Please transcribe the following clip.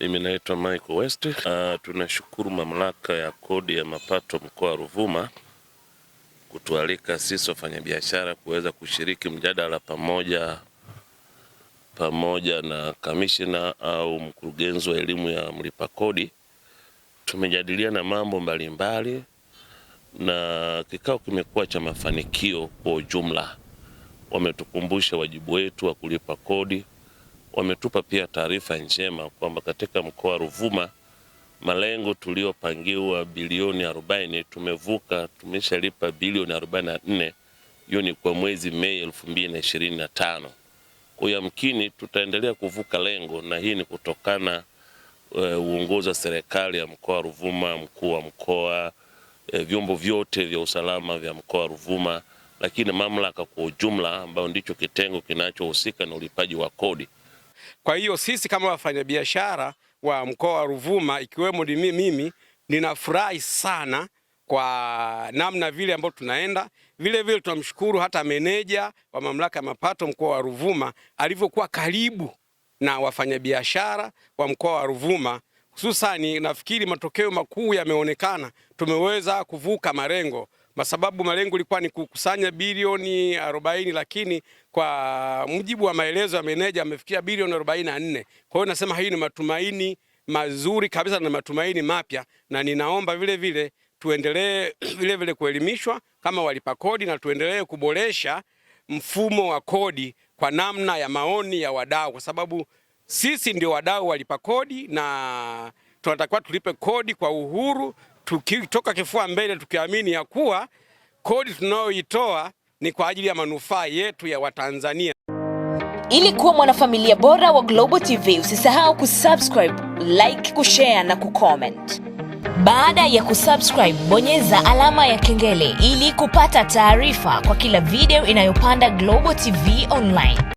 Mimi naitwa Michael West. Uh, tunashukuru mamlaka ya kodi ya mapato mkoa wa Ruvuma kutualika sisi wafanyabiashara kuweza kushiriki mjadala pamoja pamoja na kamishina au mkurugenzi wa elimu ya mlipa kodi. Tumejadiliana mambo mbalimbali na kikao kimekuwa cha mafanikio kwa ujumla. Wametukumbusha wajibu wetu wa kulipa kodi wametupa pia taarifa njema kwamba katika mkoa wa Ruvuma malengo tuliopangiwa bilioni 40 tumevuka, tumeshalipa bilioni 44. Hiyo ni kwa mwezi Mei 2025. Kwa yamkini tutaendelea kuvuka lengo, na hii ni kutokana uh, uongozi wa serikali ya mkoa wa Ruvuma, mkuu wa mkoa uh, vyombo vyote vya usalama vya mkoa wa Ruvuma, lakini mamlaka kwa ujumla, ambayo ndicho kitengo kinachohusika na ulipaji wa kodi kwa hiyo sisi kama wafanyabiashara wa mkoa wa Ruvuma ikiwemo ni mimi ninafurahi sana kwa namna vile ambavyo tunaenda. Vile vile tunamshukuru hata meneja wa mamlaka ya mapato mkoa wa Ruvuma alivyokuwa karibu na wafanyabiashara wa mkoa wa Ruvuma hususani, nafikiri matokeo makuu yameonekana, tumeweza kuvuka malengo kwa sababu malengo ilikuwa ni kukusanya bilioni 40, lakini kwa mujibu wa maelezo ya meneja amefikia bilioni 44. Kwa hiyo nasema hii ni matumaini mazuri kabisa na matumaini mapya, na ninaomba vile vile tuendelee vile vile kuelimishwa kama walipa kodi na tuendelee kuboresha mfumo wa kodi kwa namna ya maoni ya wadau, kwa sababu sisi ndio wadau walipa kodi na tunatakiwa tulipe kodi kwa uhuru tukitoka kifua mbele tukiamini ya kuwa kodi tunayoitoa ni kwa ajili ya manufaa yetu ya Watanzania. Ili kuwa mwanafamilia bora wa Global TV, usisahau kusubscribe, like, kushare na kucomment. Baada ya kusubscribe, bonyeza alama ya kengele ili kupata taarifa kwa kila video inayopanda Global TV Online.